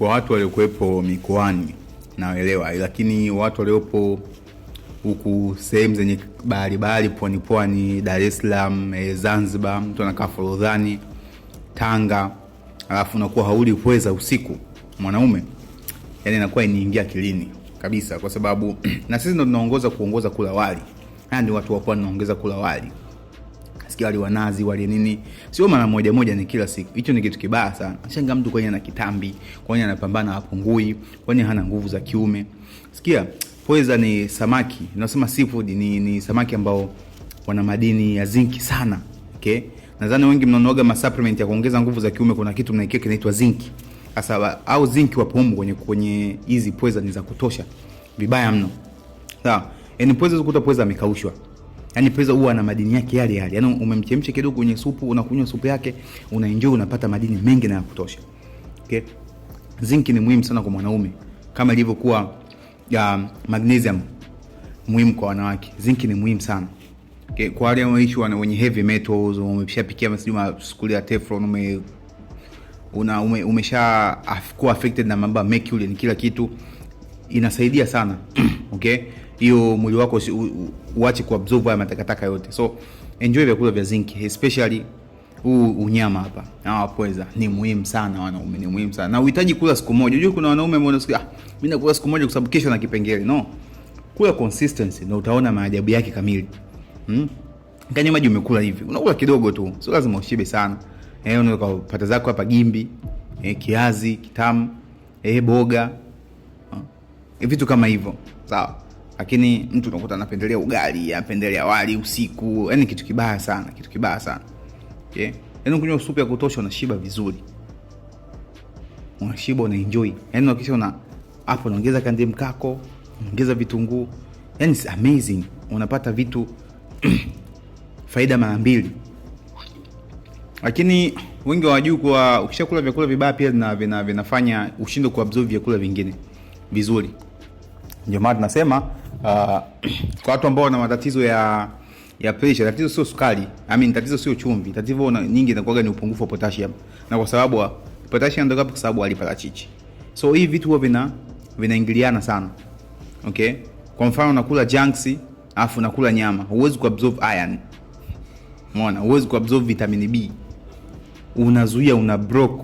kwa watu waliokuwepo mikoani naelewa, lakini watu waliopo huku sehemu zenye bahari bahari, pwani pwani, Dar es Salaam, eh, Zanzibar, mtu anakaa Forodhani, Tanga, alafu unakuwa hauli pweza usiku mwanaume, yani inakuwa iniingia kilini kabisa, kwa sababu na sisi ndo tunaongoza kuongoza kula wali. Haya ndio watu wapo wanaongeza kula wali unasikia wale wanazi wale nini, sio mara moja moja, ni kila siku. Hicho ni kitu kibaya sana. Shanga mtu kwenye ana kitambi, kwenye anapambana hapungui, kwenye hana nguvu za kiume. Sikia, pweza ni samaki, tunasema seafood ni, ni samaki ambao wana madini ya zinki sana. Okay? Nadhani wengi mnanoga ma supplement ya kuongeza nguvu za kiume, kuna kitu mnaikia kinaitwa zinki. Sasa au zinki wa pumbu kwenye kwenye hizi pweza ni za kutosha. Vibaya mno. Sawa. Yaani pweza ukuta pweza amekaushwa. Yaani pweza huwa na madini yake yale yale. Yaani umemchemsha kidogo kwenye supu, unakunywa supu yake, unaenjoy, unapata madini mengi na ya kutosha. Okay? Zinki ni muhimu sana kwa mwanaume kama ilivyokuwa ya magnesium muhimu kwa wanawake. Zinki ni muhimu sana. Okay, kwa wale wanaoishi wana wenye heavy metals, umeshapikia msimu sukuli ya Teflon ume una ume, umesha kuwa affected na mambo mercury ni kila kitu inasaidia sana. Okay? Hiyo mwili wako uache kuabsorb haya matakataka yote. So enjoy vyakula vya zinki especially huu unyama hapa hawa pweza ni muhimu sana wanaume, ni muhimu sana na uhitaji kula siku moja. Unajua kuna wanaume ambao unasikia ah, mimi nakula siku moja kwa sababu kesho na kipengele. No, kula consistency na utaona maajabu yake kamili. Hmm, kanyama maji umekula hivi, unakula kidogo tu, sio lazima ushibe sana. Eh, unaweza kupata zako hapa gimbi, eh, kiazi kitamu, eh, boga, eh, vitu kama hivyo, sawa. so, lakini mtu unakuta anapendelea ugali, anapendelea wali usiku, yani kitu kibaya sana, kitu kibaya sana okay. Yani ukinywa supu ya kutosha unashiba vizuri, unashiba una enjoy. Yani ukisha una hapo unaongeza kande mkako, unaongeza vitunguu, yani it's amazing, unapata vitu faida mara mbili. Lakini wengi hawajui kuwa ukishakula vyakula vibaya pia vina, vina, vinafanya ushindwe kuabsorb vyakula vingine vizuri. Ndio maana tunasema uh, kwa watu ambao wana matatizo ya ya pressure, tatizo sio sukari, I mean tatizo sio chumvi, tatizo na, nyingi inakuwa ni upungufu wa potassium, na kwa sababu potassium ndio kwa sababu aliparachichi. So hii vitu huwa vina vinaingiliana sana okay. Kwa mfano nakula junks afu nakula nyama, huwezi kuabsorb iron, umeona, huwezi kuabsorb vitamin B, unazuia una broke.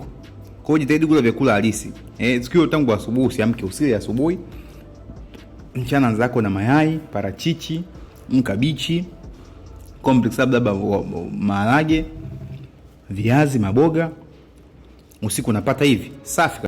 Kwa hiyo jitahidi kula vyakula halisi eh, sikio tangu asubuhi, usiamke usile asubuhi mchana zako na mayai, parachichi, mkabichi, complex labda maharage, viazi, maboga. Usiku unapata hivi safi.